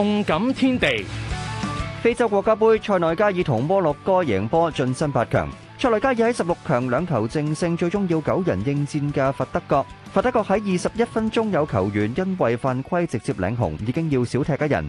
動感天地，非洲國家盃，塞內加爾同摩洛哥贏波，晉身八強。塞內加爾喺十六強兩球淨勝，最終要九人應戰嘅佛得角。佛得角喺二十一分鐘有球員因為犯規直接領紅，已經要少踢一人。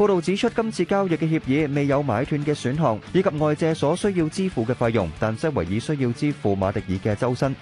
報導指出，今次交易嘅協議未有買斷嘅選項，以及外借所需要支付嘅費用，但西維爾需要支付馬迪爾嘅周薪。